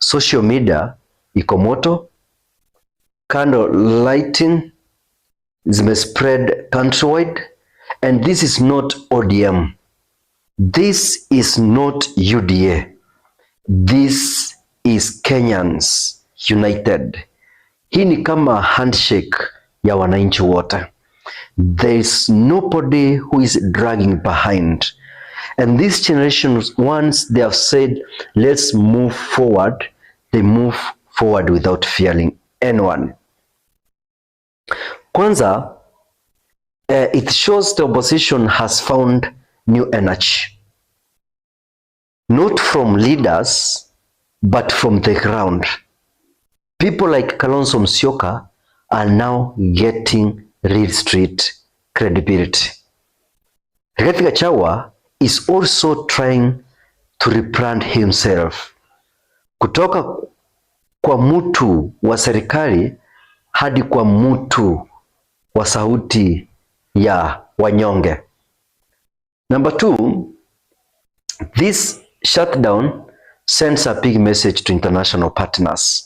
social media iko moto, candle lighting zimespread countrywide, and this is not ODM, this is not UDA, this is Kenyans United. Hii ni kama handshake ya wananchi wote. There is nobody who is dragging behind. And this generation, once they have said, let's move forward, they move forward without fearing anyone. Kwanza, uh, it shows the opposition has found new energy, not from leaders, but from the ground. People like Kalonzo Musyoka are now getting real street credibility. Rigathi Gachagua is also trying to rebrand himself kutoka kwa mtu wa serikali hadi kwa mtu wa sauti ya wanyonge. Number two, this shutdown sends a big message to international partners.